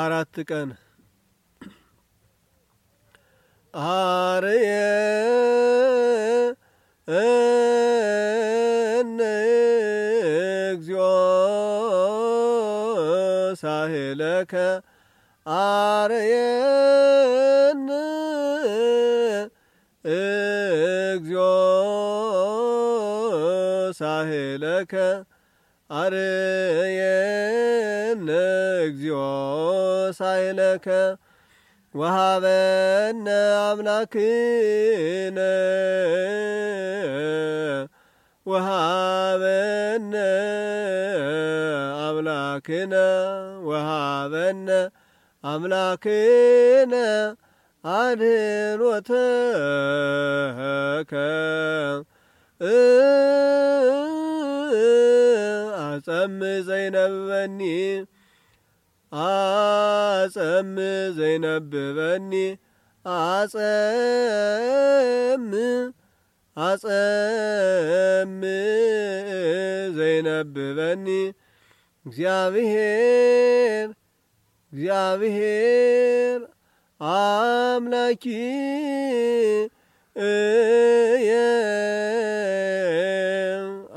አራት ቀን አርየ እነ እግዚኦ ሳሄለከ አርየ እነ እግዚኦ ሳሄለከ አርየነ እግዚኦ ሳይለከ ወሃበነ አምላክነ ወሃበነ አምላክነ ወሃበነ አምላክነ አድኅኖተከ አጸም ዘይነበኒ አጸም ዘይነብበኒ አጸም አጸም ዘይነብበኒ እግዚአብሔር እግዚአብሔር አምላኪ